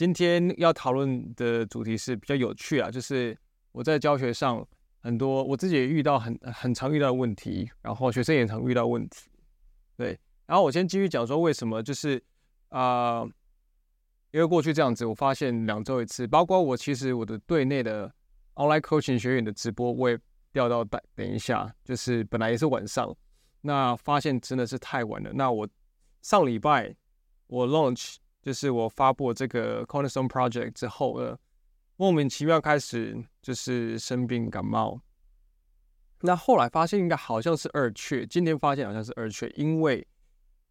今天要討論的主題是比較有趣啊，就是我在教學上很多我自己也遇到很很常遇到的問題，然後學生也常遇到問題，對。然後我先繼續講說為什麼，就是啊，呃、因為過去這樣子，我發現兩週一次，包括我其實我的隊內的 online coaching 學員的直播，我也調到等等一下，就是本來也是晚上，那發現真的是太晚了。那我上禮拜我 launch。就是我發布這個 cornerstone project 之後了，莫名其妙開始就是生病感冒。那後來發現應該好像是二確，今天發現好像是二確，因為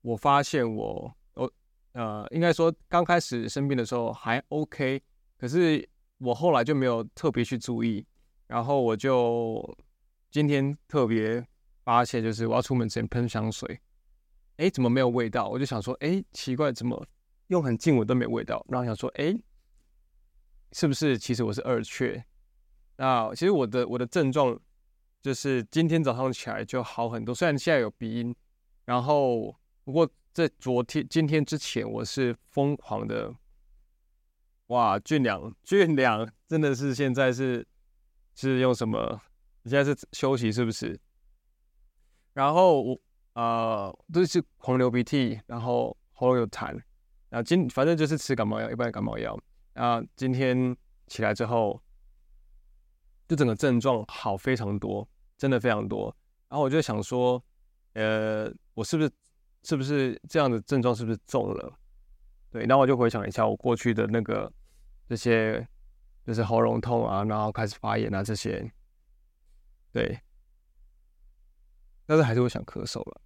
我發現我我呃，應該說剛開始生病的時候還 OK，可是我後來就沒有特別去注意，然後我就今天特別發現，就是我要出門之前噴香水，哎，怎麼沒有味道？我就想說，哎，奇怪，怎麼？用很近，我都沒味道。然後想說，哎，是不是其實我是二確？啊，其實我的我的症狀就是今天早上起來就好很多。雖然現在有鼻音，然後不過在昨天、今天之前，我是瘋狂的。哇，俊良，俊良，真的是現在是是用什麼？你現在是休息是不是？然後我啊、呃、都是狂流鼻涕，然後喉嚨有痰。啊，今，反正就是吃感冒藥，一般的感冒藥。啊，今天起來之後，就整個症狀好非常多，真的非常多。然後啊，我就想說，呃，我是不是是不是這樣的症狀是不是重了？對，然後我就回想一下我過去的那個這些，就是喉嚨痛啊，然後開始發炎啊這些，對。但是還是會想咳嗽了，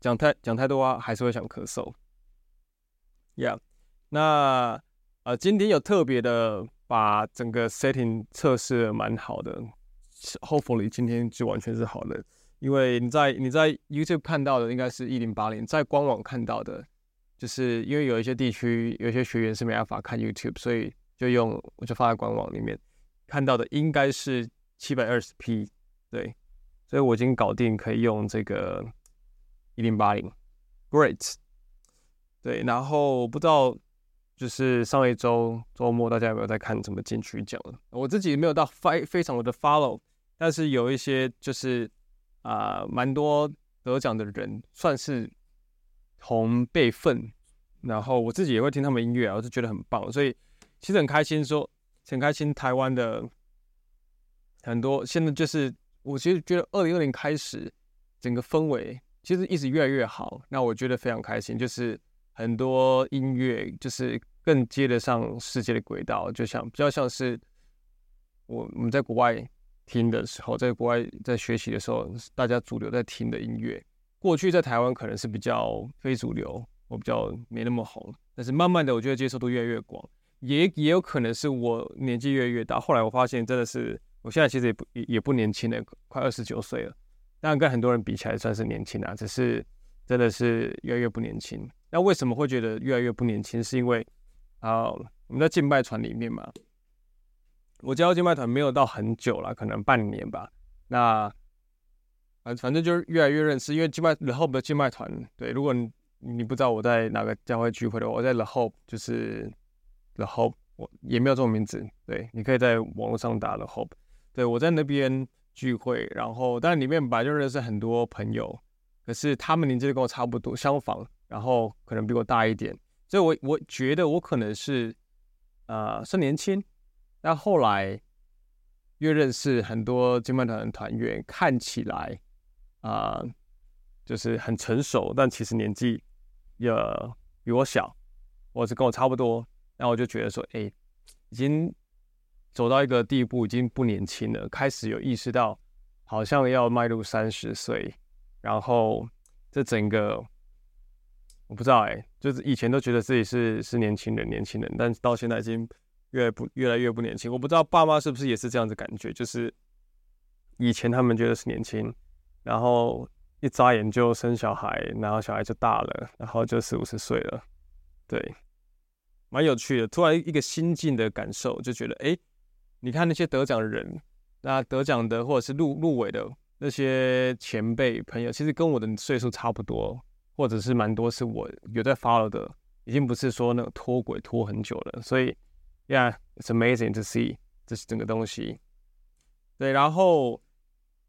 講太講太多話啊，還是會想咳嗽。Yeah，那呃今天有特別的把整個 setting 測試蠻好的，Hopefully 今天就完全是好的。因為你在你在 YouTube 看到的應該是1080，在官網看到的，就是因為有一些地區有一些學員是沒辦法看 YouTube，所以就用我就放在官網裡面看到的應該是 720p 對，所以我已經搞定可以用這個 1080，Great。Great. 對，然後不知道就是上一周周末大家有沒有在看什麼金曲獎我自己沒有到非非常的 follow，但是有一些就是啊、呃，蠻多得獎的人算是同輩分，然後我自己也會聽他們音樂我就覺得很棒，所以其實很開心說，說很開心台灣的很多現在就是，我其實覺得二零二零開始整個氛圍其實一直越來越好，那我覺得非常開心，就是。很多音樂就是更接得上世界的軌道，就像比較像是我我們在國外聽的時候，在國外在學習的時候，大家主流在聽的音樂，過去在台灣可能是比較非主流，我比較沒那麼紅。但是慢慢的，我覺得接受度越來越廣，也也有可能是我年紀越來越大。後來我發現，真的是我現在其實也不也也不年輕了，快二十九歲了。當然跟很多人比起來算是年輕啊，只是真的是越來越不年輕。那為什麼會覺得越來越不年輕？是因為，好、啊，我們在敬拜團裡面嘛。我加入敬拜團沒有到很久了，可能半年吧。那，反、啊、反正就是越來越認識，因為敬拜。然後我們的敬拜團，對，如果你不知道我在哪個教會聚會的話，我在 The Hope，就是 The Hope，我也沒有這種名字。對，你可以在網絡上打 The Hope 對。對，我在那邊聚會，然後但裡面本來就認識很多朋友，可是他們年紀跟我差不多相仿。然後可能比我大一點，所以我我覺得我可能是，呃，是年輕。但後來越認識很多金曼團的團員，看起來啊、呃，就是很成熟，但其實年紀也比我小，或者跟我差不多。那我就覺得說，哎，已經走到一個地步，已經不年輕了，開始有意識到，好像要邁入三十歲。然後這整個。我不知道哎、欸，就是以前都覺得自己是是年輕人，年輕人，但到現在已經越不越來越不年輕。我不知道爸媽是不是也是這樣子的感覺，就是以前他們覺得是年輕，然後一眨眼就生小孩，然後小孩就大了，然後就四五十歲了。對，蠻有趣的，突然一個心境的感受，就覺得哎、欸，你看那些得獎的人，那得獎的或者是入入圍的那些前輩朋友，其實跟我的歲數差不多。或者是蠻多，是我有在 follow 的，已經不是說那個脫軌拖很久了。所以，yeah，it's amazing to see 這是整個東西。對，然後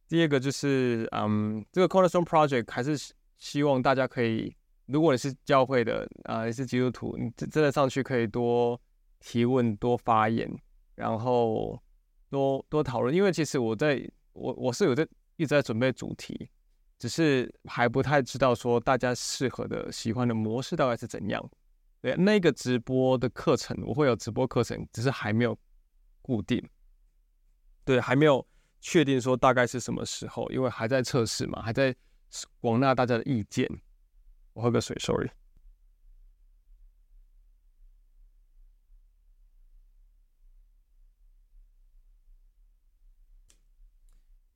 第二個就是，嗯，這個 Cornerstone Project 還是希望大家可以，如果你是教會的啊，呃，你是基督徒，你真的上去可以多提問、多發言，然後多多討論。因為其實我在我我是有在一直在準備主題。只是還不太知道說大家適合的、喜歡的模式大概是怎樣。對，那個直播的課程，我會有直播課程，只是還沒有固定。對，還沒有確定說大概是什麼時候，因為還在測試嘛，還在廣納大家的意見。我喝個水，sorry。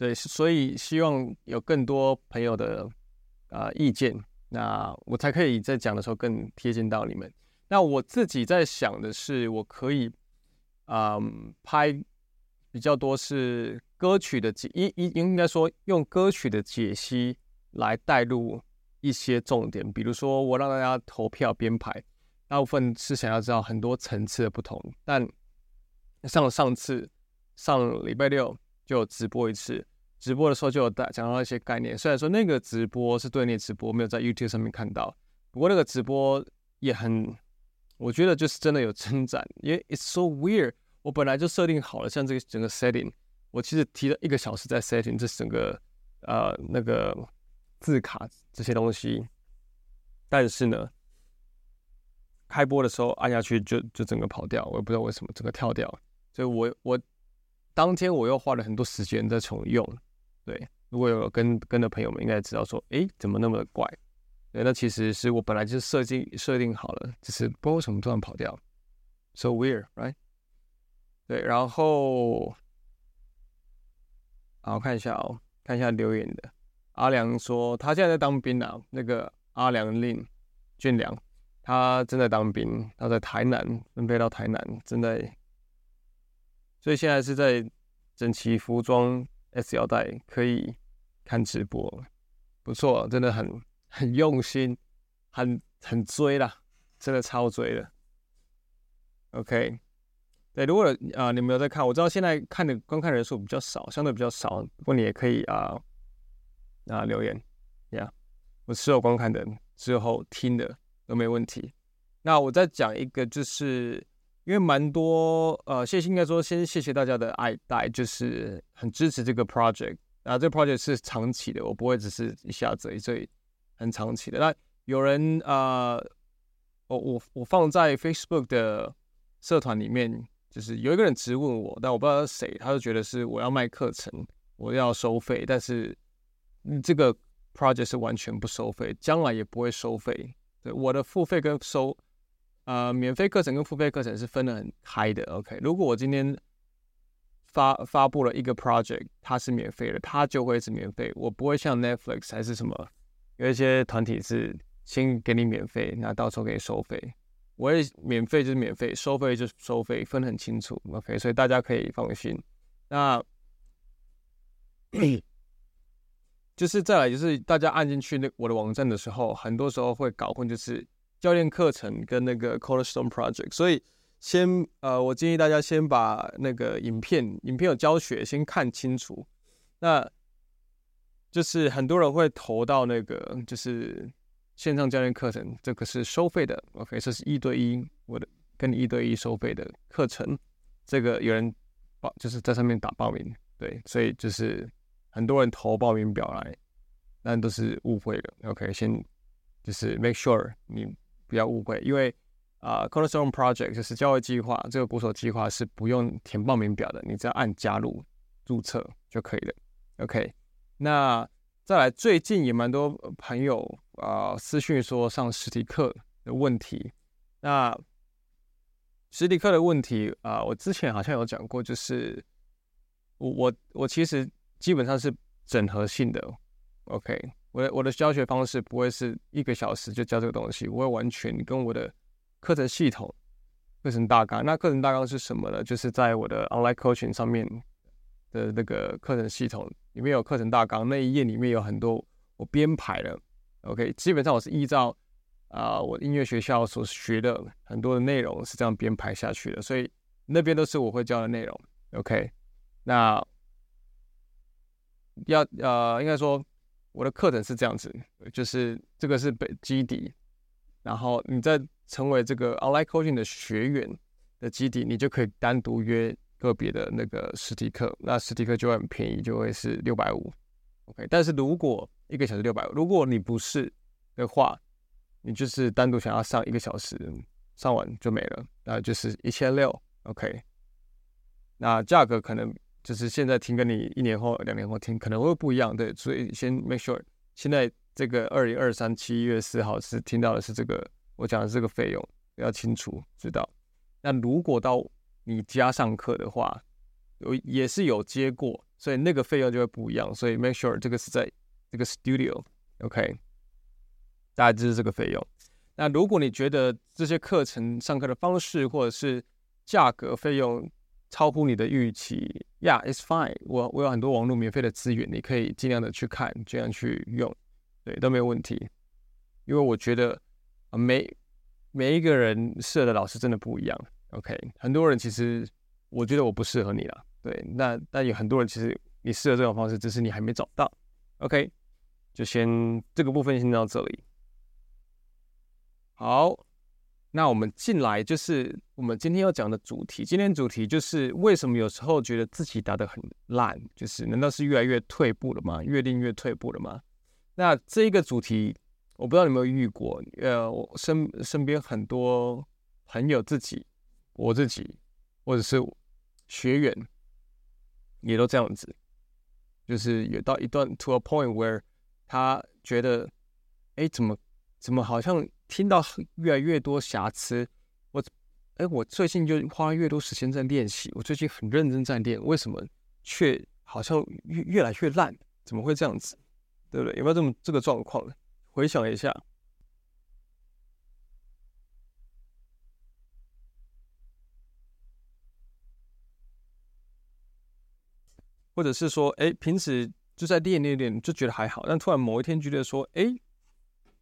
對，所以希望有更多朋友的啊、呃、意見，那我才可以在講的時候更貼近到你們。那我自己在想的是，我可以嗯、呃、拍比較多是歌曲的解一一應該說用歌曲的解析來帶入一些重點，比如說我讓大家投票編排，大部分是想要知道很多層次的不同。但上上次上禮拜六就直播一次。直播的時候就有帶講到一些概念，雖然說那個直播是對內直播，沒有在 YouTube 上面看到，不過那個直播也很，我覺得就是真的有增長，因為 It's so weird。我本來就設定好了，像這個整個 setting，我其實提了一個小時在 setting，這整個呃那個字卡這些東西，但是呢，開播的時候按下去就就整個跑掉，我也不知道為什麼整個跳掉，所以我我當天我又花了很多時間在重用。對，如果有跟跟的朋友們應該知道說，哎，怎麼那麼的怪？對，那其實是我本來就設計設定好了，只是不知道為什麼突然跑掉？So weird, right？對，然後，然後看一下哦，看一下留言的。阿良說他現在在當兵啊，那個阿良令，俊良，他正在當兵，他在台南，分配到台南，正在，所以現在是在整齊服裝。S 腰帶可以看直播，不錯，真的很很用心，很很追啦，真的超追的。OK，對，如果啊、呃、你們有在看，我知道現在看的觀看人數比較少，相對比較少，不過你也可以啊、呃、啊、呃、留言呀、yeah，我是有觀看的，之後聽的都沒問題。那我再講一個就是。因為蠻多，呃，謝謝，應該說先謝謝大家的愛戴，就是很支持這個 project 啊，這個 project 是長期的，我不會只是一下子，所以很長期的。那有人，呃，我我我放在 Facebook 的社團裡面，就是有一個人直問我，但我不知道是誰，他就覺得是我要賣課程，我要收費，但是這個 project 是完全不收費，將來也不會收費，對，我的付費跟收。呃，免費課程跟付費課程是分得很開的。OK，如果我今天發發布了一個 project，它是免費的，它就會是免費。我不會像 Netflix 還是什麼，有一些團體是先給你免費，那到時候給你收費。我也免費就是免費，收費就是收費，分得很清楚。OK，所以大家可以放心。那，就是再來就是大家按進去那我的網站的時候，很多時候會搞混，就是。教練課程跟那個 Cold Stone Project，所以先呃，我建議大家先把那個影片，影片有教學，先看清楚。那就是很多人會投到那個就是線上教練課程，這個是收費的。OK，這是一對一，我的跟你一對一收費的課程，這個有人報，就是在上面打報名，對，所以就是很多人投報名表來，但都是誤會的。OK，先就是 make sure 你。不要誤會，因為啊、呃、Color Stone Project 就是教育計劃，這個鼓手計劃是不用填報名表的，你只要按加入註冊就可以了。OK，那再來，最近也蠻多朋友啊、呃、私訊說上實體課的問題，那實體課的問題啊、呃，我之前好像有講過，就是我我我其實基本上是整合性的，OK。我的我的教學方式不會是一個小時就教這個東西，我會完全跟我的課程系統、課程大綱。那課程大綱是什麼呢？就是在我的 online coaching 上面的那個課程系統裡面有課程大綱，那一頁裡面有很多我編排的。OK，基本上我是依照啊、呃、我音樂學校所學的很多的內容是這樣編排下去的，所以那邊都是我會教的內容。OK，那要呃應該說。我的課程是這樣子，就是這個是基底，然後你在成為這個 online coaching 的學員的基底，你就可以單獨約個別的那個實體課，那實體課就會很便宜，就會是六百五，OK。但是如果一個小時六百五，如果你不是的話，你就是單獨想要上一個小時，上完就沒了，那就是一千六，OK。那價格可能。就是現在聽跟你一年後、兩年後聽可能會不一樣，對，所以先 make sure，現在這個二零二三七月四號是聽到的是這個我講的是這個費用，要清楚知道。那如果到你家上課的話，有也是有接過，所以那個費用就會不一樣。所以 make sure 這個是在這個 studio，OK，、okay、大概就是這個費用。那如果你覺得這些課程上課的方式或者是價格費用超乎你的預期，Yeah, it's fine. 我我有很多網絡免費的資源，你可以盡量的去看，盡量去用，對，都沒有問題。因為我覺得啊，每每一個人適合的老師真的不一樣。OK，很多人其實我覺得我不適合你了，對。那但有很多人其實你適合這種方式，只是你還沒找到。OK，就先這個部分先到這裡。好。那我們進來就是我們今天要講的主題。今天主題就是為什麼有時候覺得自己打得很爛，就是難道是越來越退步了嗎？越練越退步了嗎？那這個主題我不知道你們有沒有遇過。呃，我身身邊很多朋友自己、我自己或者是學員，也都這樣子，就是有到一段 to a point where 他覺得，哎，怎麼？怎麼好像聽到越來越多瑕疵？我，哎，我最近就花了越多時間在練習，我最近很認真在練，為什麼卻好像越越來越爛？怎麼會這樣子？對不對？有沒有這種這個狀況？回想一下，或者是說，哎，平時就在練練練，就覺得還好，但突然某一天覺得說，哎。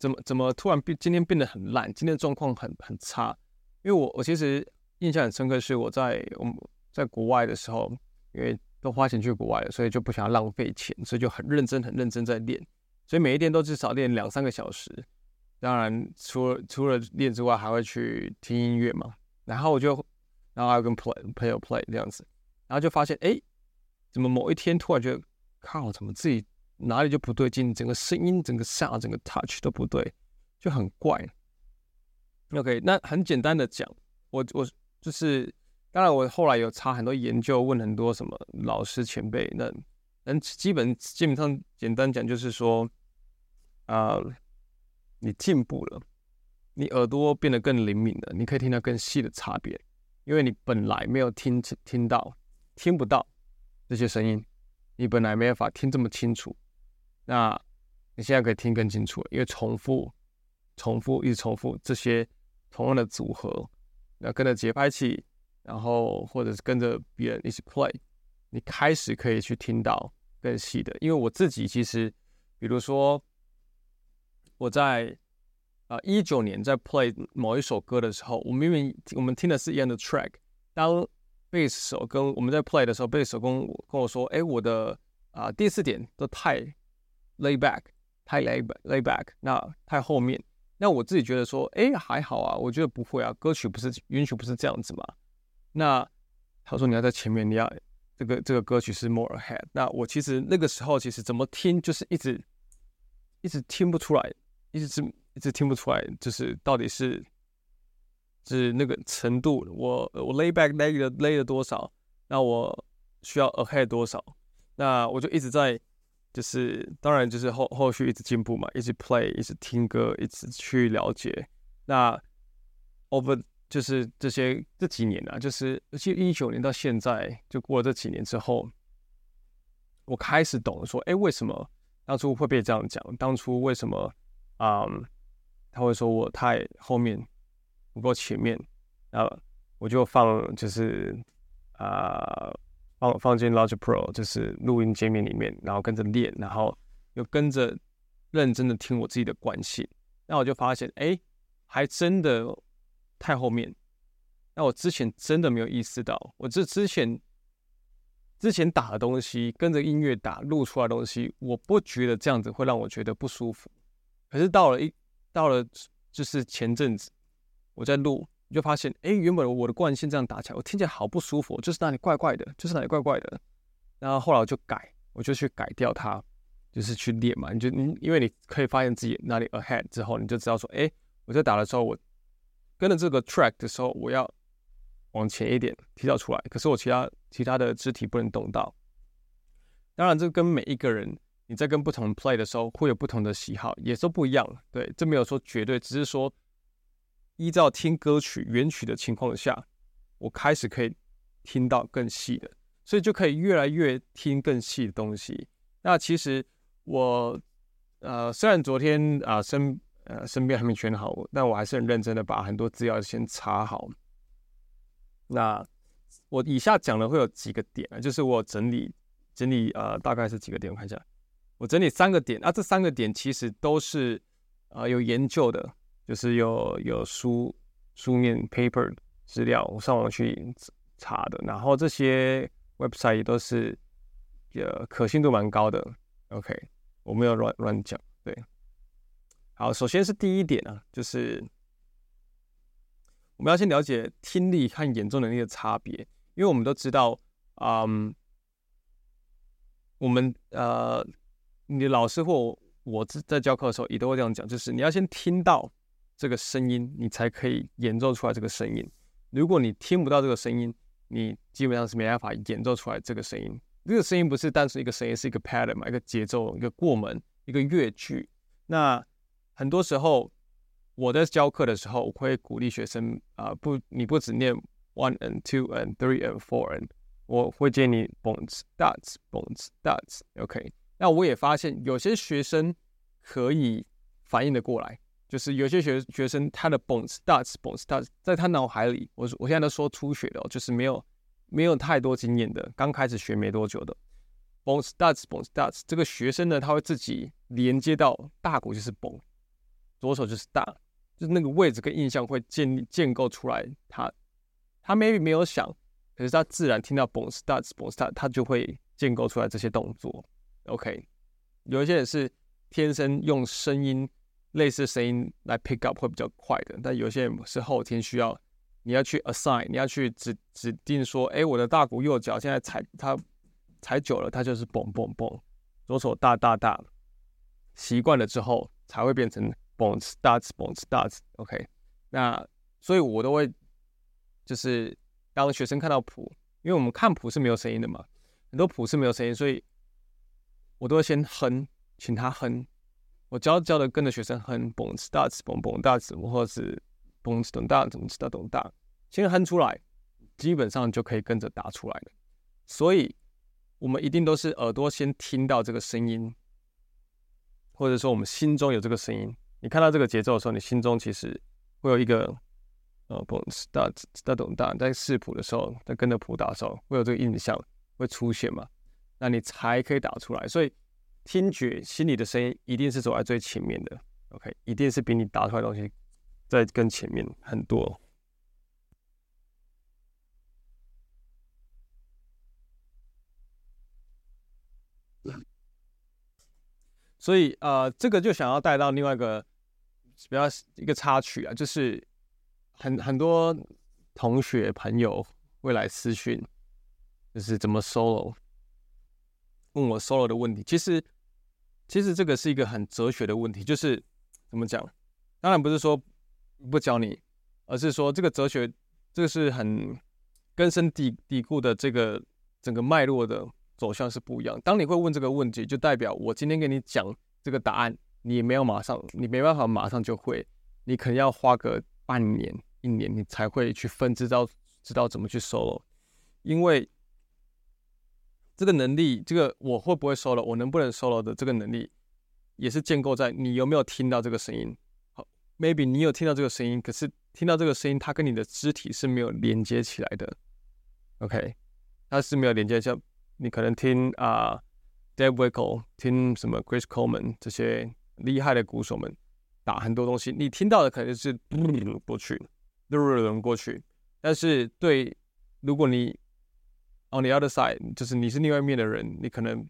怎麼怎麼突然變？今天變得很爛，今天狀況很很差。因為我我其實印象很深刻，是我在我們在國外的時候，因為都花錢去國外了，所以就不想要浪費錢，所以就很認真很認真在練，所以每一天都至少練兩三個小時。當然，除了除了練之外，還會去聽音樂嘛。然後我就然後還有跟 play 朋友 play 這樣子，然後就發現哎，怎麼某一天突然就靠？怎麼自己？哪裡就不對勁，整個聲音、整個 sound、整個 touch 都不對，就很怪。OK，那很簡單的講，我我就是，當然我後來有查很多研究，問很多什麼老師前輩，那那基本基本上簡單講就是說，啊、呃，你進步了，你耳朵變得更靈敏了，你可以聽到更細的差別，因為你本來沒有聽聽到聽不到這些聲音，你本來沒有辦法聽這麼清楚。那你現在可以聽更清楚了，因為重複、重複、一直重複這些同樣的組合，然後跟着節拍器，然後或者是跟着別人一起 play，你開始可以去聽到更細的。因為我自己其實，比如說我在啊一九年在 play 某一首歌的時候，我明明我們聽的是一樣的 track，當貝斯手跟我們在 play 的時候，貝斯手跟跟我說：“哎、欸，我的啊、呃、第四點都太。” lay back，太 lay back，lay back，那太後面。那我自己覺得說，哎，還好啊，我覺得不會啊。歌曲不是原曲不是這樣子嘛？那他說你要在前面，你要這個這個歌曲是 more ahead。那我其實那個時候其實怎麼聽，就是一直一直聽不出來，一直一直聽不出來，就是到底是、就是那個程度，我我 lay back lay 的 lay 了多少，那我需要 ahead 多少？那我就一直在。就是當然，就是後後續一直進步嘛，一直 play，一直聽歌，一直去了解。那 over 就是這些這幾年呢、啊，就是尤其一九年到現在，就過了這幾年之後，我開始懂了說，哎、欸，為什麼當初會被這樣講？當初為什麼啊？Um, 他會說我太後面不夠前面，那我就放就是啊。Uh, 放放進 Logic Pro 就是錄音界面，裡面，然後跟着練，然後又跟着認真的聽我自己的慣性，那我就發現，哎、欸，還真的太後面，那我之前真的沒有意識到，我這之前之前打的東西跟着音樂打錄出來的東西，我不覺得這樣子會讓我覺得不舒服，可是到了一到了就是前陣子我在錄。就發現，哎、欸，原本我的慣性這樣打起來，我聽起來好不舒服，就是哪裡怪怪的，就是哪裡怪怪的。然後後來我就改，我就去改掉它，就是去練嘛。你就，你、嗯、因為你可以發現自己哪裡 ahead 之後，你就知道說，哎、欸，我在打的時候，我跟着這個 track 的時候，我要往前一點提早出來。可是我其他其他的肢體不能動到。當然，這跟每一個人你在跟不同 play 的時候會有不同的喜好，也是都不一樣，對，這沒有說絕對，只是說。依照聽歌曲原曲的情況下，我開始可以聽到更細的，所以就可以越來越聽更細的東西。那其實我呃，雖然昨天啊、呃、身呃身邊還沒全好，但我還是很認真的把很多資料先查好。那我以下講的會有幾個點啊，就是我整理整理呃，大概是幾個點，我看一下，我整理三個點。那、啊、這三個點其實都是啊、呃、有研究的。就是有有書書面 paper 資料，我上網去查的，然後這些 website 也都是呃可信度蠻高的。OK，我沒有亂亂講。對，好，首先是第一點啊，就是我們要先了解聽力和演奏能力的差別，因為我們都知道，嗯，我們呃，你的老師或我，我在教課的時候也都會這樣講，就是你要先聽到。這個聲音，你才可以演奏出來這個聲音。如果你聽不到這個聲音，你基本上是沒辦法演奏出來這個聲音。這個聲音不是單純一個聲音，是一個 pattern 嘛，一個節奏，一個過門，一個樂句。那很多時候，我在教課的時候，我會鼓勵學生啊，不，你不只念 one and two and three and four and，我會建議你 bounce that, bounce that, OK。那我也發現有些學生可以反應得過來。就是有些學生學生，他的 bones、starts bones、starts 在他腦海裡，我我現在都說初學的，就是沒有沒有太多經驗的，剛開始學沒多久的 bones、starts bones、starts 這個學生呢，他會自己連接到大鼓就是 bones 左手就是大，就那個位置跟印象會建立建構出來他。他他沒沒有想，可是他自然聽到 bones、starts bones、starts 他就會建構出來這些動作。OK，有一些人是天生用聲音。類似聲音來 pick up 會比較快的，但有些是後天需要，你要去 assign，你要去指指定說，哎、欸，我的大鼓右腳現在踩它踩久了，它就是嘣嘣嘣，左手大大大，習慣了之後才會變成嘣次大次嘣次大次。OK，那所以，我都會就是當學生看到譜，因為我們看譜是沒有聲音的嘛，很多譜是沒有聲音，所以我都會先哼，請他哼。我教教的跟着學生哼嘣大呲嘣嘣大呲，或者是嘣呲咚大呲咚大咚大，先哼出來，基本上就可以跟着打出來了。所以，我們一定都是耳朵先聽到這個聲音，或者說我們心中有這個聲音。你看到這個節奏的時候，你心中其實會有一個呃嘣呲大呲大咚大。在視譜的時候，在跟着譜打的時候，會有這個印象會出現嘛？那你才可以打出來。所以。聽覺、心裡的聲音一定是走在最前面的，OK，一定是比你打出來的東西在更前面很多。所以，呃，這個就想要帶到另外一個比較一個插曲啊，就是很很多同學朋友會來私訊，就是怎麼 solo。問我 solo 的問題，其實其實這個是一個很哲學的問題，就是怎麼講？當然不是說不教你，而是說這個哲學這個是很根深蒂、蒂固的，這個整個脈絡的走向是不一樣。當你會問這個問題，就代表我今天跟你講這個答案，你沒有馬上，你沒辦法馬上就會，你可能要花個半年一年，你才會去分知道知道怎麼去 solo，因為。這個能力，這個我會不會 solo，我能不能 solo 的這個能力，也是建構在你有沒有聽到這個聲音。好，maybe 你有聽到這個聲音，可是聽到這個聲音，它跟你的肢體是沒有連接起來的。OK，它是沒有連接上。像你可能聽啊、uh，Dave Weckl，聽什麼 Chris Coleman 這些厲害的鼓手們打很多東西，你聽到的可能，就是過去，咚過去。但是對，如果你 On the other side，就是你是另外一面的人，你可能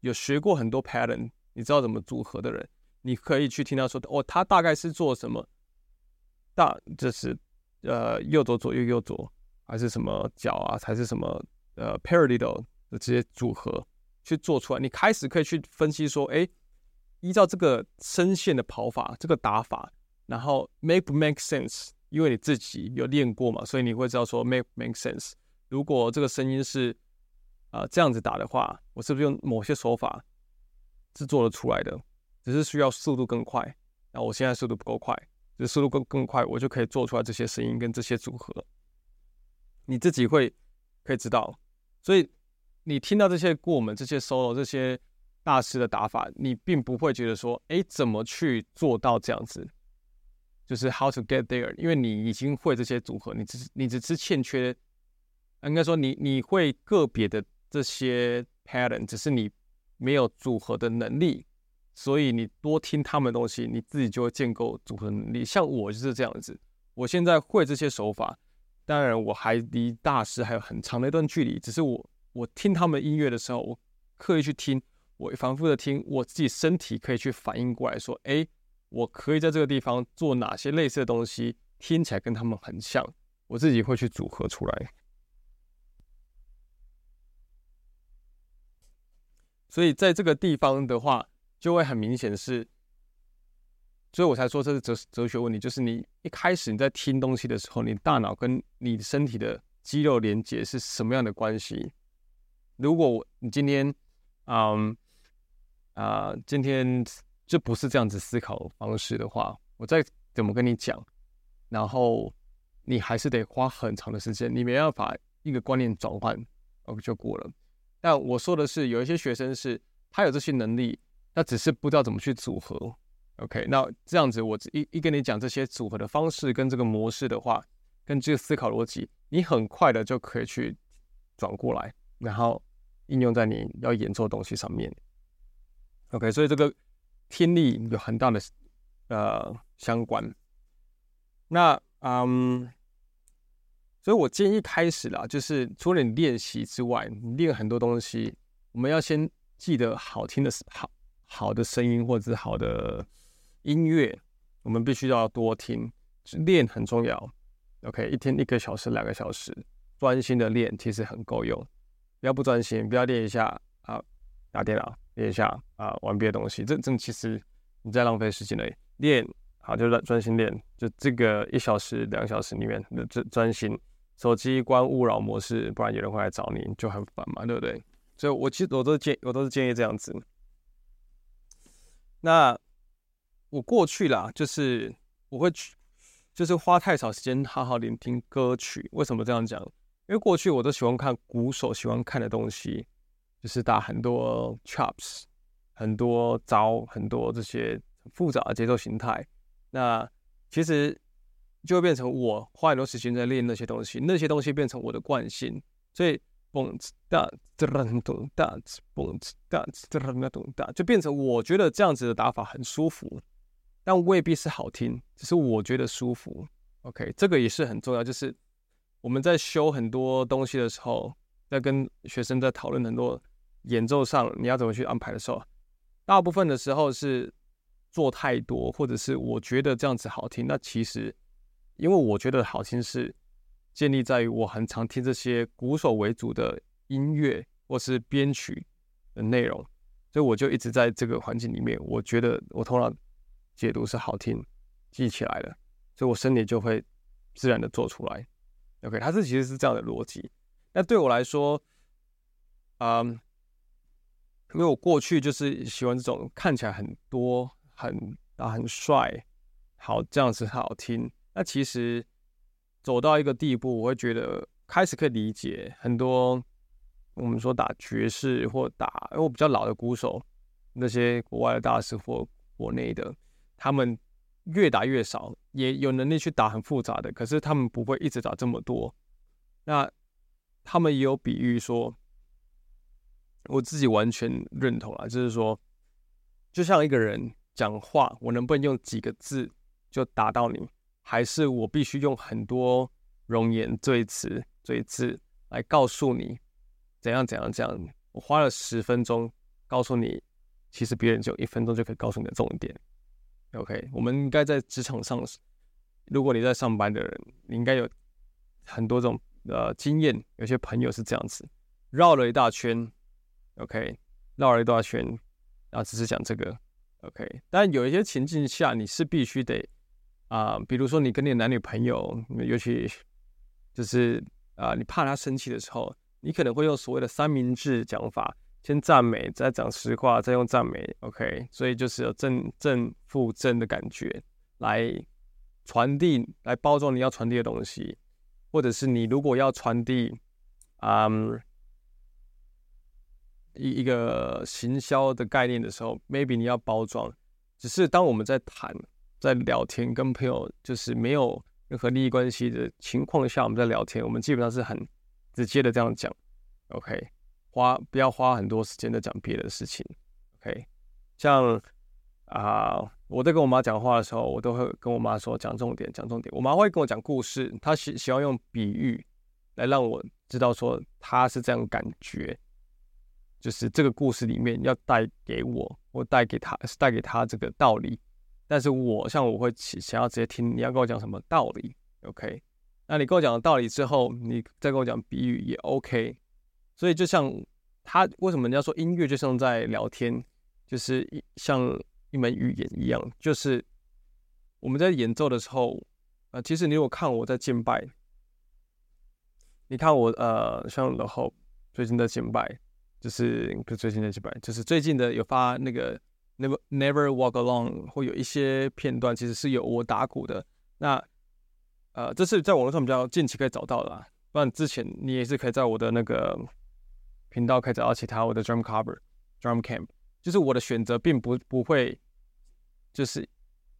有學過很多 pattern，你知道怎麼組合的人，你可以去聽他說哦，他大概是做什麼？大就是呃右左左右右左，還是什麼腳啊，還是什麼呃 paradiddle 的這些組合去做出來。你開始可以去分析說，哎，依照這個聲線的跑法，這個打法，然後 make make sense，因為你自己有練過嘛，所以你會知道說 make make sense。如果這個聲音是，啊、呃、這樣子打的話，我是不是用某些手法制作的出來的？只是需要速度更快。那、啊、我現在速度不夠快，就速度更更快，我就可以做出來這些聲音跟這些組合。你自己會可以知道。所以你聽到這些過門、這些 solo、這些大師的打法，你並不會覺得說，哎、欸，怎麼去做到這樣子？就是 how to get there？因為你已經會這些組合，你只你只是欠缺。應該說你，你你會個別的這些 pattern，只是你沒有組合的能力，所以你多聽他們的東西，你自己就會建構組合的能力。像我就是這樣子，我現在會這些手法，當然我還離大師還有很長的一段距離。只是我我聽他們音樂的時候，我刻意去聽，我反覆的聽，我自己身體可以去反應過來說，哎，我可以在這個地方做哪些類似的東西，聽起來跟他們很像，我自己會去組合出來。所以在這個地方的話，就會很明顯是，所以我才說這是哲哲學問題，就是你一開始你在聽東西的時候，你大腦跟你身體的肌肉連接是什麼樣的關係？如果你今天，嗯，啊，今天就不是這樣子思考的方式的話，我再怎麼跟你講，然後你還是得花很長的時間，你沒辦法一個觀念轉換哦，就過了。那我說的是，有一些學生是他有這些能力，他只是不知道怎麼去組合。OK，那這樣子，我一一跟你講這些組合的方式跟這個模式的話，跟這個思考邏輯，你很快的就可以去轉過來，然後應用在你要演奏的東西上面。OK，所以這個聽力有很大的呃相關。那嗯。所以，我建議開始啦，就是除了你練習之外，你練很多東西。我們要先記得好聽的、好好的聲音，或者是好的音樂，我們必須要多聽。練很重要。OK，一天一個小時、兩個小時，專心的練，其實很夠用。不要不專心，不要練一下啊，打電腦，練一下啊，玩別的東西。這這其實你在浪費時間嘞。練，好，就專專心練，就這個一小時、兩小時裡面的這專心。手機關勿擾模式，不然有人會來找你，就很煩嘛，對不對？所以我其實我都建議，我都是建議這樣子。那我過去啦，就是我會去，就是花太少時間好好聆聽歌曲。為什麼這樣講？因為過去我都喜歡看鼓手喜歡看的東西，就是打很多 chops，很多招，很多這些複雜的節奏形態。那其實。就會變成我花很多時間在練那些東西，那些東西變成我的慣性，所以嘣噠噠噠，嘣噠噠噠，就變成我覺得這樣子的打法很舒服，但未必是好聽，只是我覺得舒服。OK，這個也是很重要，就是我們在修很多東西的時候，在跟學生在討論很多演奏上你要怎麼去安排的時候，大部分的時候是做太多，或者是我覺得這樣子好聽，那其實。因為我覺得好聽是建立在於我很常聽這些鼓手為主的音樂或是編曲的內容，所以我就一直在這個環境裡面，我覺得我頭腦解讀是好聽記起來了，所以我身體就會自然的做出來。OK，它是其實是這樣的邏輯。那對我來說，嗯，因為我過去就是喜歡這種看起來很多很啊很帥，好這樣子好聽。那其實走到一個地步，我會覺得開始可以理解很多。我們說打爵士或打，我比較老的鼓手，那些國外的大師或國內的，他們越打越少，也有能力去打很複雜的，可是他們不會一直打這麼多。那他們也有比喻說，我自己完全認同啊，就是說，就像一個人講話，我能不能用幾個字就打到你？還是我必須用很多容顏、最詞、最字來告訴你怎樣怎樣怎樣，我花了十分鐘告訴你，其實別人就一分鐘就可以告訴你的重點。OK，我們應該在職場上，如果你在上班的人，你應該有很多種的經驗。有些朋友是這樣子，繞了一大圈，OK，繞了一大圈，然後只是講這個，OK。但有一些情境下，你是必須得。啊、呃，比如說你跟你的男女朋友，尤其就是啊、呃，你怕他生氣的時候，你可能會用所謂的三明治講法，先讚美，再講實話，再用讚美，OK，所以就是有正正負正的感覺來傳遞，來包裝你要傳遞的東西，或者是你如果要傳遞啊嗯一一個行銷的概念的時候，maybe 你要包裝，只是當我們在談。在聊天跟朋友，就是沒有任何利益關係的情況下，我們在聊天，我們基本上是很直接的這樣講。OK，花不要花很多時間在講別的事情。OK，像啊，我在跟我媽講話的時候，我都會跟我媽說講重點，講重點。我媽會跟我講故事，她喜喜歡用比喻來讓我知道說她是這樣感覺，就是這個故事裡面要帶給我，我帶給她是帶給她這個道理。但是我像我會想想要直接聽你要跟我講什麼道理，OK？那你跟我講了道理之後，你再跟我講比喻也 OK。所以就像他為什麼人家說音樂就像在聊天，就是一像一門語言一樣，就是我們在演奏的時候，呃，其實你有看我在敬拜，你看我呃，像然後最近在敬拜，就是不是最近的敬拜，就是最近的有發那個。Never, never walk alone。會有一些片段，其實是有我打鼓的。那，呃，這是在網絡上比較近期可以找到的啦。不然之前你也是可以在我的那個頻道可以找到其他我的 drum cover, drum camp。就是我的選擇並不不會，就是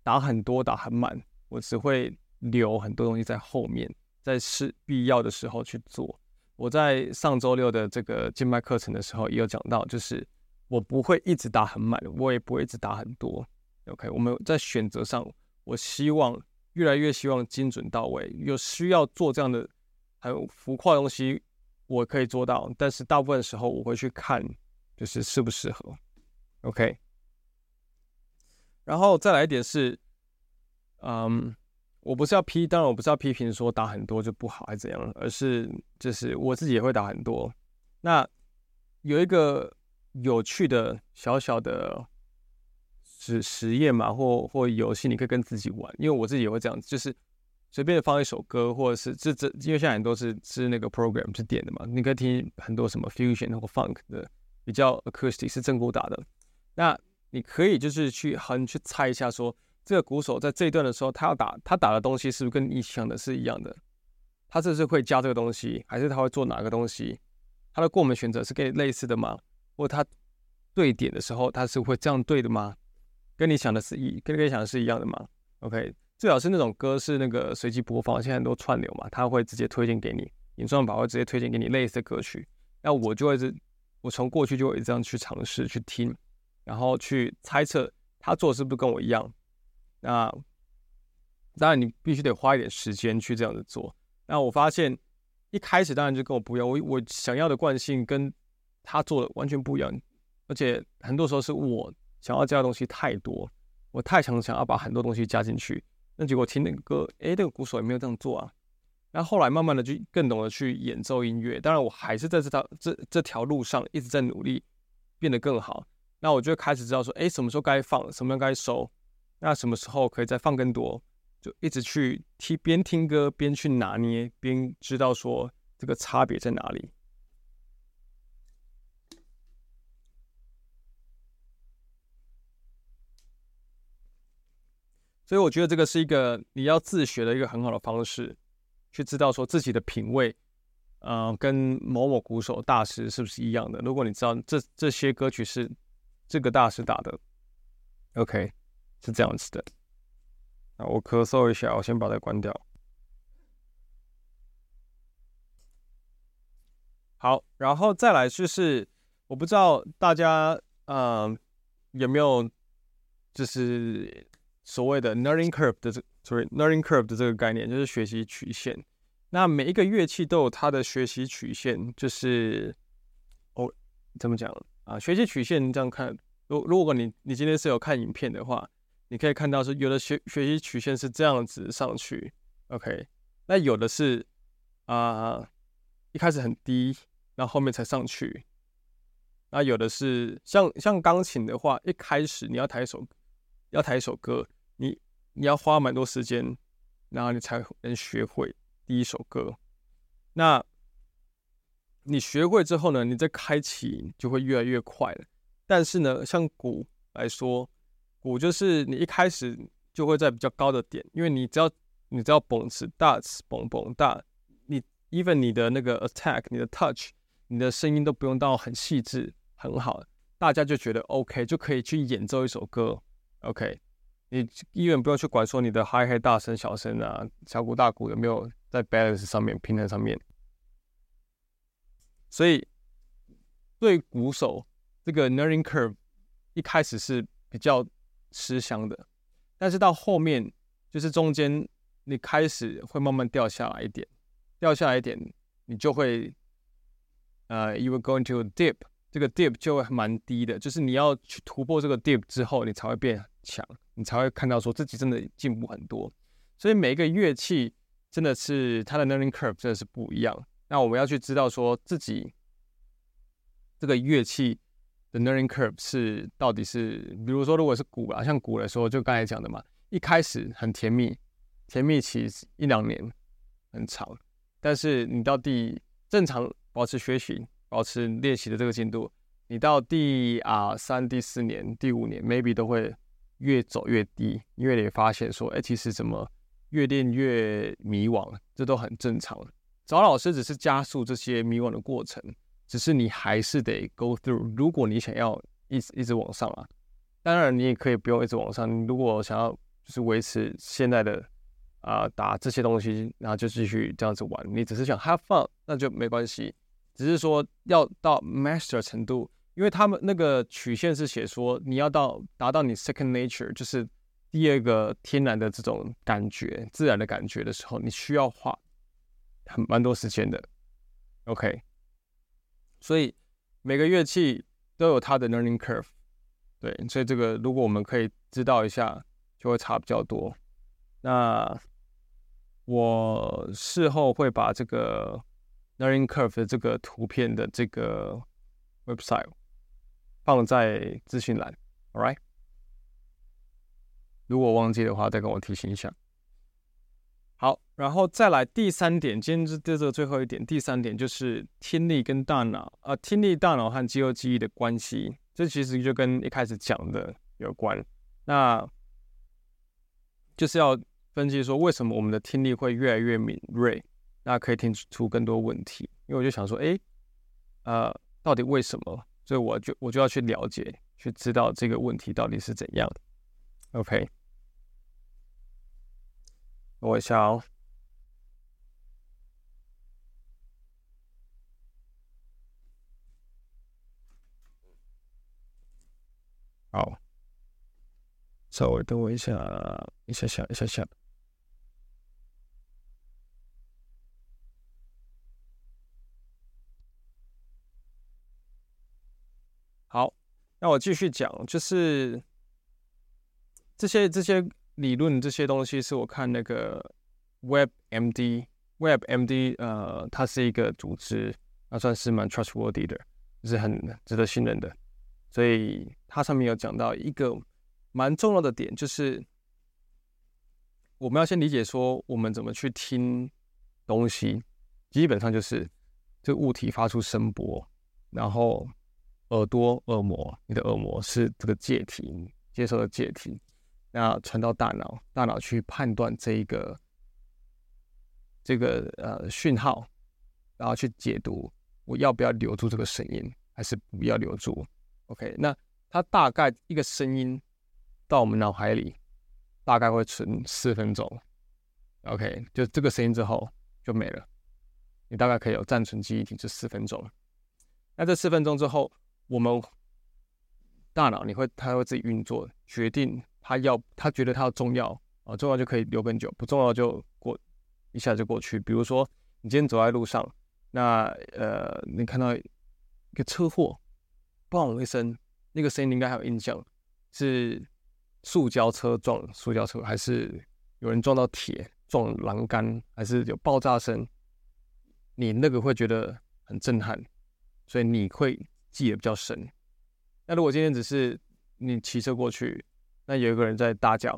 打很多打很滿，我只會留很多東西在後面，在是必要的時候去做。我在上周六的這個靜脈課程的時候也有講到，就是。我不會一直打很滿，我也不會一直打很多。OK，我們在選擇上，我希望越來越希望精準到位。有需要做這樣的還有浮誇的東西，我可以做到。但是大部分的時候，我會去看就是適不適合。OK，然後再來一點是，嗯，我不是要批，當然我不是要批評說打很多就不好，還是怎樣，而是就是我自己也會打很多。那有一個。有趣的小小的實實驗嘛，或或遊戲，你可以跟自己玩，因為我自己也會這樣，就是隨便放一首歌，或者是這這，因為現在很多是是那個 program 是點的嘛，你可以聽很多什麼 fusion 或 funk 的，比較 acoustic 是真鼓打的，那你可以就是去很去猜一下說，說這個鼓手在這一段的時候，他要打他打的東西是不是跟你想的是一樣的？他這是，是會加這個東西，還是他會做哪個東西？他的過門選擇是可以類似的嗎？或他對點的時候，他是會這樣對的嗎？跟你想的是，跟你想的是一樣的嗎？OK，最好是那種歌是那個隨機播放，現在很多串流嘛，他會直接推薦給你，演算法會直接推薦給你類似的歌曲。那我就會直，我從過去就會這樣去嘗試去聽，然後去猜測他做的是不是跟我一樣。那當然，你必須得花一點時間去這樣子做。那我發現一開始當然就跟我不一樣，我我想要的慣性跟。他做的完全不一樣，而且很多時候是我想要加的東西太多，我太常想要把很多東西加進去，那結果聽那個歌，誒、欸，那、這個鼓手也沒有這樣做啊。然後後來慢慢的就更懂得去演奏音樂，當然我還是在這條這這條路上一直在努力變得更好。那我就開始知道說，誒、欸，什麼時候該放，什麼時候該收，那什麼時候可以再放更多，就一直去聽，邊聽歌邊去拿捏，邊知道說這個差別在哪裡。所以我覺得這個是一個你要自學的一個很好的方式，去知道說自己的品味，嗯、呃，跟某某鼓手大師是不是一樣的。如果你知道這這些歌曲是這個大師打的，OK，是這樣子的。那我咳嗽一下，我先把它關掉。好，然後再來就是，我不知道大家嗯、呃，有沒有就是。所謂的 learning curve 的這 sorry learning curve 的這個概念就是學習曲線。那每一個樂器都有它的學習曲線，就是哦，怎麼講啊？學習曲線這樣看，如果如果你你今天是有看影片的話，你可以看到是有的學學習曲線是這樣子上去，OK？那有的是啊、呃，一開始很低，然後後面才上去。那有的是像像鋼琴的話，一開始你要彈一首要彈一首歌。你你要花蠻多時間，然後你才能學會第一首歌。那你學會之後呢，你再開啟就會越來越快了。但是呢，像鼓來說，鼓就是你一開始就會在比較高的點，因為你只要你只要蹦次大次，蹦蹦大，你 even 你的那個 attack、你的 touch、你的聲音都不用到很細緻、很好，大家就覺得 OK，就可以去演奏一首歌。OK。你依然不用去管說你的嗨嗨大聲小聲啊，小鼓大鼓有沒有在 balance 上面平衡上面。所以對鼓手這個 learning curve 一開始是比較吃香的，但是到後面就是中間你開始會慢慢掉下來一點，掉下來一點，你就會呃、uh、，you will going to dip，這個 dip 就蠻低的，就是你要去突破這個 dip 之後，你才會變強。你才會看到說自己真的進步很多，所以每一個樂器真的是它的 learning curve 真的是不一樣。那我們要去知道說自己這個樂器的 learning curve 是到底是，比如說如果是鼓啊，像鼓來說，就剛才講的嘛，一開始很甜蜜，甜蜜期一兩年很長，但是你到第正常保持學習、保持練習的這個進度，你到第啊三、第四年、第五年，maybe 都會。越走越低，因為你發現說，哎、欸，其實怎麼越練越迷惘，這都很正常。找老師只是加速這些迷惘的過程，只是你還是得 go through。如果你想要一直一直往上啊，當然你也可以不用一直往上。你如果想要就是維持現在的啊、呃、打這些東西，然後就繼續這樣子玩，你只是想 have fun，那就沒關係。只是說要到 master 程度。因為他們那個曲線是寫說，你要到達到你 second nature，就是第二個天然的這種感覺、自然的感覺的時候，你需要花很蠻多時間的。OK，所以每個樂器都有它的 learning curve，對，所以這個如果我們可以知道一下，就會差比較多。那我事後會把這個 learning curve 的這個圖片的這個 website。放在資訊欄，Alright。如果忘記的話，再跟我提醒一下。好，然後再來第三點，今天就這這最後一點，第三點就是聽力跟大腦啊、呃，聽力、大腦和肌肉記憶的關係。這其實就跟一開始講的有關。那就是要分析說，為什麼我們的聽力會越來越敏銳？大家可以聽出更多問題。因為我就想說，哎，呃，到底為什麼？所以我就我就要去了解，去知道這個問題到底是怎樣。OK，我想、哦、好，稍微等我一下，一下一下一下下。那我繼續講，就是這些這些理論這些東西，是我看那個 WebMD WebMD，呃，它是一個組織，那算是蠻 trustworthy 的、的，就是很值得信任的。所以它上面有講到一個蠻重要的點，就是我們要先理解說我們怎麼去聽東西，基本上就是這個物體發出聲波，然後。耳朵耳膜，你的耳膜是這個介體接受的介體，那傳到大腦，大腦去判斷這一個這個呃訊號，然後去解讀我要不要留住這個聲音，還是不要留住。OK，那它大概一個聲音到我們腦海裡大概會存四分鐘，OK，就這個聲音之後就沒了，你大概可以有暫存記憶體就四分鐘，那這四分鐘之後。我們大腦，你會，他會自己運作，決定他要，它覺得他重要啊，重要就可以留很久，不重要就過，一下就過去。比如說，你今天走在路上，那呃，你看到一個車禍，砰一聲，那個聲音你應該還有印象，是塑膠車撞塑膠車，還是有人撞到鐵撞欄杆，還是有爆炸聲，你那個會覺得很震撼，所以你會。記得比較深。那如果今天只是你騎車過去，那有一個人在大叫，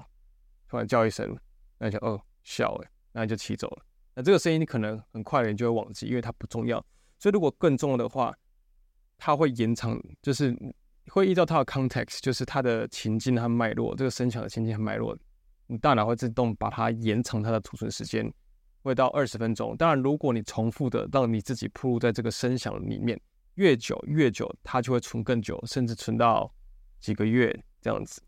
突然叫一聲、哦，那你就哦笑哎，那你就騎走了。那這個聲音你可能很快的人就會忘記，因為它不重要。所以如果更重要的話，它會延長，就是會依照它的 context，就是它的情境和脈絡，這個聲響的情境和脈絡，你大腦會自動把它延長它的儲存時間，會到二十分鐘。當然，如果你重複的讓你自己暴露在這個聲響裡面。越久越久，它就會存更久，甚至存到幾個月這樣子。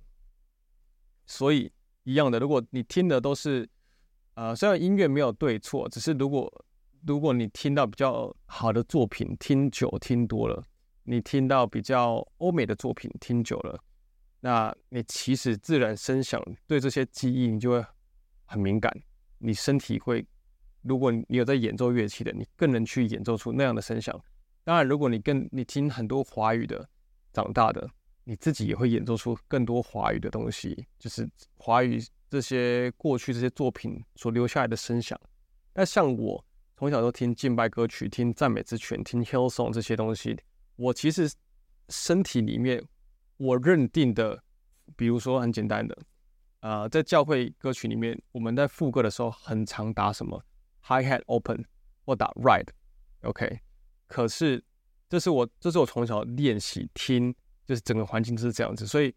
所以一樣的，如果你聽的都是，啊，雖然音樂沒有對錯，只是如果如果你聽到比較好的作品，聽久聽多了，你聽到比較歐美的作品聽久了，那你其實自然聲響對這些記憶你就會很敏感，你身體會，如果你有在演奏樂器的，你更能去演奏出那樣的聲響。當然，如果你跟你聽很多華語的長大的，你自己也會演奏出更多華語的東西，就是華語這些過去這些作品所留下來的聲響。但像我從小都聽敬拜歌曲、聽讚美之泉、聽 Hillsong 這些東西，我其實身體裡面我認定的，比如說很簡單的，呃，在教會歌曲裡面，我們在副歌的時候很常打什麼 hi-hat open 或打 ride，OK、right, okay? 可是，這是我這是我從小練習聽，就是整個環境就是這樣子。所以，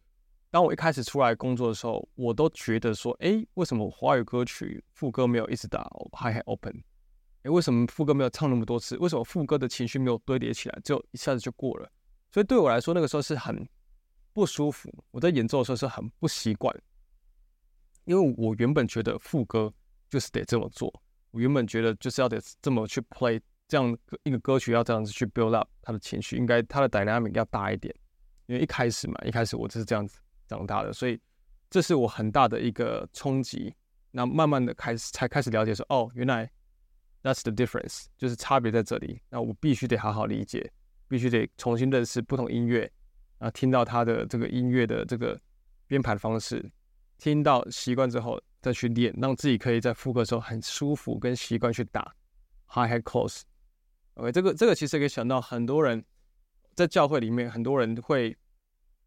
當我一開始出來工作的時候，我都覺得說，哎，為什麼華語歌曲副歌沒有一直打 hi-hat open？哎，為什麼副歌沒有唱那麼多次？為什麼副歌的情緒沒有堆疊起來，就一下子就過了？所以對我來說，那個時候是很不舒服。我在演奏的時候是很不習慣，因為我原本覺得副歌就是得這麼做，我原本覺得就是要得這麼去 play。這樣一個歌曲要這樣子去 build up 他的情緒，應該他的 dynamic 要大一點，因為一開始嘛，一開始我就是這樣子長大的，所以這是我很大的一個衝擊。那慢慢的開始才開始了解說，哦，原來 that's the difference，就是差別在這裡。那我必須得好好理解，必須得重新認識不同音樂，然後聽到他的這個音樂的這個編排的方式，聽到習慣之後再去練，讓自己可以在副歌的時候很舒服跟習慣去打 hi-hat close。OK，這個這個其實可以想到，很多人在教會裡面，很多人會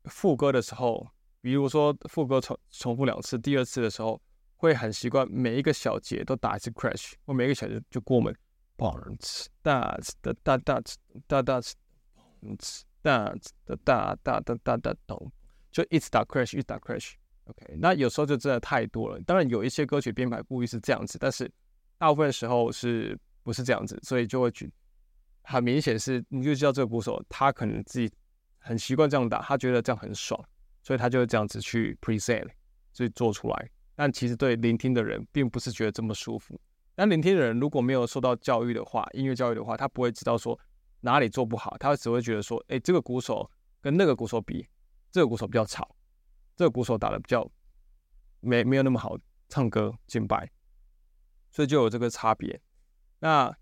副歌的時候，比如說副歌重重複兩次，第二次的時候會很習慣每一個小節都打一次 crash，或每一個小節就過門，噠噠噠噠噠噠噠噠噠噠噠噠噠噠噠噠咚，就一直打 crash，一直打 crash。OK，那有時候就真的太多了，當然有一些歌曲編排故意是這樣子，但是大部分時候是不是這樣子，所以就會去。很明顯是，你就知道這個鼓手，他可能自己很習慣這樣打，他覺得這樣很爽，所以他就會這樣子去 preset，所以做出來。但其實對聆聽的人，並不是覺得這麼舒服。那聆聽的人如果沒有受到教育的話，音樂教育的話，他不會知道說哪裡做不好，他只會覺得說，哎、欸，這個鼓手跟那個鼓手比，這個鼓手比較吵，這個鼓手打得比較沒沒有那麼好，唱歌、敬拜，所以就有這個差別。那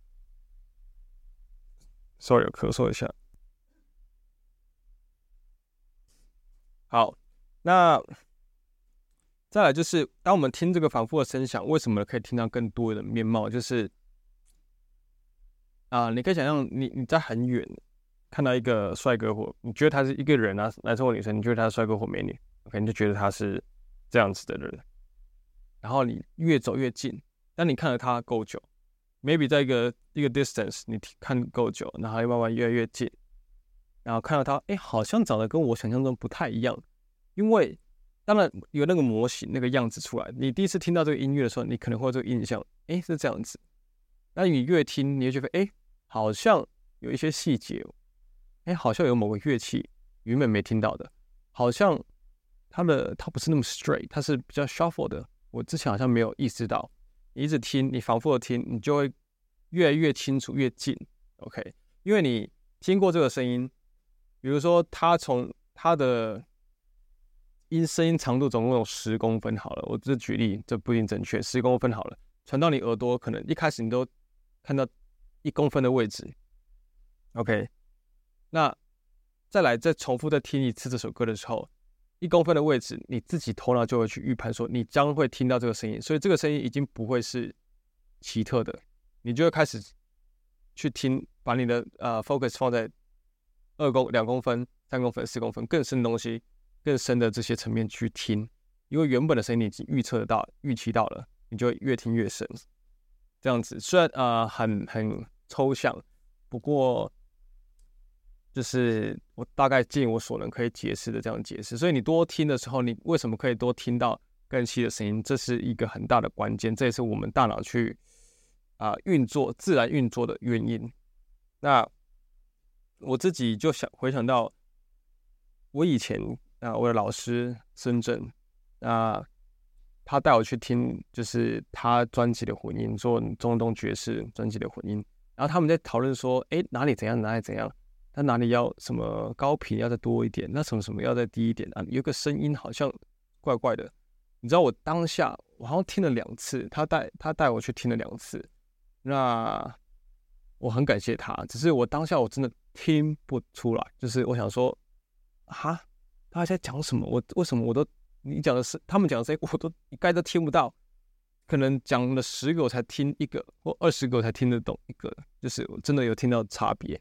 稍微有咳嗽一下。好，那再來就是，當我們聽這個反覆的聲響，為什麼可以聽到更多的面貌？就是啊、呃，你可以想象，你你在很遠看到一個帥哥或你覺得他是一個人啊，男生或女生，你覺得他是帥哥或美女，可、okay, 你就覺得他是這樣子的人。然後你越走越近，當你看了他夠久。maybe 在一個一個 distance，你看夠久，然後又慢慢越來越近，然後看到它，哎、欸，好像長得跟我想象中不太一樣。因為當然有那個模型那個樣子出來，你第一次聽到這個音樂的時候，你可能會有這個印象，哎、欸，是這樣子。那你越聽，你就覺得，哎、欸，好像有一些細節，哎、欸，好像有某個樂器原本沒聽到的，好像它的它不是那麼 straight，它是比較 shuffle 的。我之前好像沒有意識到。你一直聽，你反覆的聽，你就會越來越清楚、越近。OK，因為你聽過這個聲音，比如說它從它的音聲音長度總共有十公分好了，我這舉例這不一定正確，十公分好了傳到你耳朵，可能一開始你都看到一公分的位置。OK，那再來再重複再聽一次這首歌的時候。一公分的位置，你自己頭腦就會去預判，說你將會聽到這個聲音，所以這個聲音已經不會是奇特的，你就會開始去聽，把你的呃 focus 放在二公、兩公分、三公分、四公分更深的東西，更深的這些層面去聽，因為原本的聲音你已經預測得到，預期到了，你就會越聽越深，這樣子。雖然啊、呃、很很抽象，不過就是。我大概盡我所能可以解釋的這樣解釋，所以你多聽的時候，你為什麼可以多聽到更細的聲音？這是一個很大的關鍵，這也是我們大腦去啊運作、自然運作的原因。那我自己就想回想到我以前啊，我的老師孫振，啊，他帶我去聽就是他專輯的混音，做中東爵士專輯的混音，然後他們在討論說：“哎，哪裡怎樣，哪裡怎樣。”他哪裡要什麼高頻要再多一點，那什麼什麼要再低一點啊？有個聲音好像怪怪的，你知道我當下我好像聽了兩次，他帶他帶我去聽了兩次，那我很感謝他，只是我當下我真的聽不出來，就是我想說，哈，他在講什麼？我為什麼我都你講的是他們講的這些我都一概都聽不到，可能講了十個我才聽一個，或二十個我才聽得懂一個，就是我真的有聽到差別，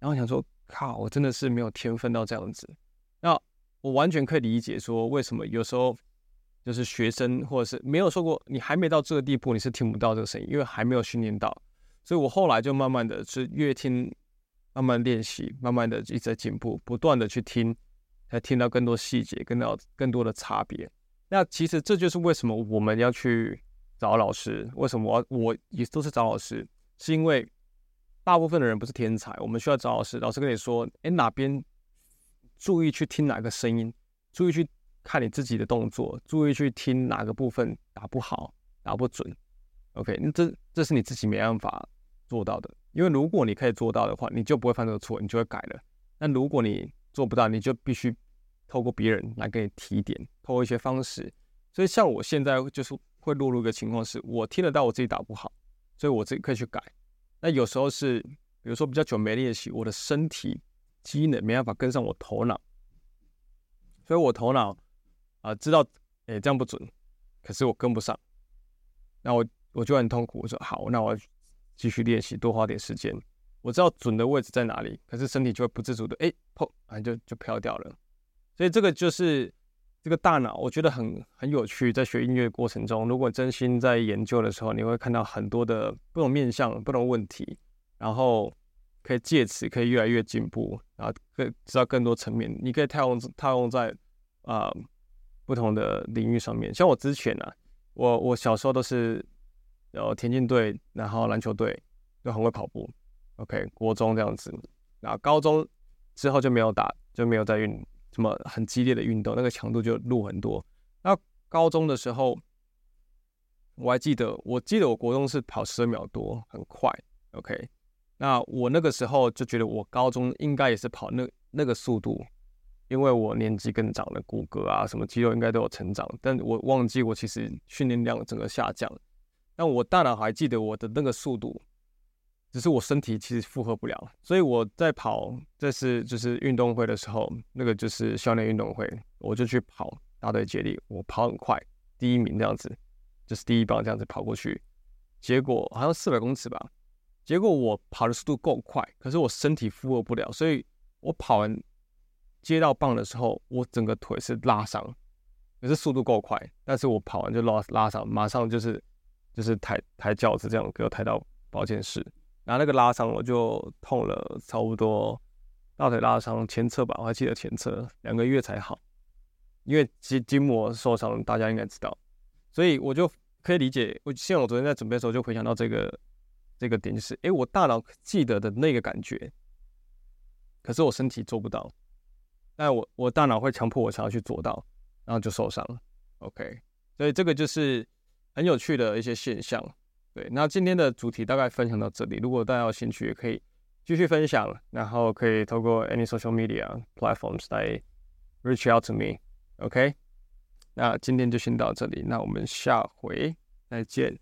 然後想說。靠！我真的是沒有天分到這樣子。那我完全可以理解，說為什麼有時候就是學生或者是沒有受過，你還沒到這個地步，你是聽不到這個聲音，因為還沒有訓練到。所以我後來就慢慢的去越聽，慢慢練習，慢慢的一直在進步，不斷的去聽，才聽到更多細節，跟到更多的差別。那其實這就是為什麼我們要去找老師，為什麼我我也都是找老師，是因為。大部分的人不是天才，我們需要找老師。老師跟你說：“哎，哪邊注意去聽哪個聲音，注意去看你自己的動作，注意去聽哪個部分打不好、打不準。” OK，那這這是你自己沒辦法做到的，因為如果你可以做到的話，你就不會犯這個錯，你就會改了。那如果你做不到，你就必須透過別人來給你提點，透過一些方式。所以像我現在就是會落入一個情況，是我聽得到我自己打不好，所以我自己可以去改。那有時候是，比如說比較久沒練習，我的身體機能沒辦法跟上我頭腦，所以我頭腦啊、呃、知道誒、欸、這樣不準，可是我跟不上，那我我就很痛苦。我說好，那我要繼續練習，多花點時間。我知道準的位置在哪裡，可是身體就會不自主的誒，砰、欸、反、啊、就就飄掉了。所以這個就是。這個大腦，我覺得很很有趣。在學音樂的過程中，如果真心在研究的時候，你會看到很多的不同面向、不同問題，然後可以借此可以越來越進步，然後可以知道更多層面。你可以套用套用在啊、呃、不同的領域上面。像我之前呢、啊，我我小時候都是有田徑隊，然後籃球隊，就很會跑步。OK，國中這樣子，然後高中之後就沒有打，就沒有再運。什麼很激烈的運動，那個強度就弱很多。那高中的時候，我還記得，我記得我國中是跑十二秒多，很快，OK。那我那個時候就覺得我高中應該也是跑那那個速度，因為我年紀更長了，骨骼啊什麼肌肉應該都有成長，但我忘記我其實訓練量整個下降，但我大腦還記得我的那個速度。只是我身體其實負荷不了，所以我在跑這次就是運動會的時候，那個就是校內運動會，我就去跑大隊接力，我跑很快，第一名這樣子，就是第一棒這樣子跑過去，結果好像四百公尺吧，結果我跑的速度夠快，可是我身體負荷不了，所以我跑完接到棒的時候，我整個腿是拉傷，可是速度夠快，但是我跑完就拉拉傷，馬上就是就是抬抬轎子，這樣給我抬到保健室。然後那個拉傷我就痛了差不多，大腿拉傷前側吧，我還記得前側兩個月才好，因為肌筋膜受傷，大家應該知道，所以我就可以理解，我像我昨天在準備的時候就回想到這個這個點，就是誒，我大腦記得的那個感覺，可是我身體做不到，但我我大腦會強迫我想要去做到，然後就受傷了。OK，所以這個就是很有趣的一些現象。對，那今天的主題大概分享到這裡。如果大家有興趣，也可以繼續分享，然後可以透過 any social media platforms 來 reach out to me。OK，那今天就先到這裡，那我們下回再見。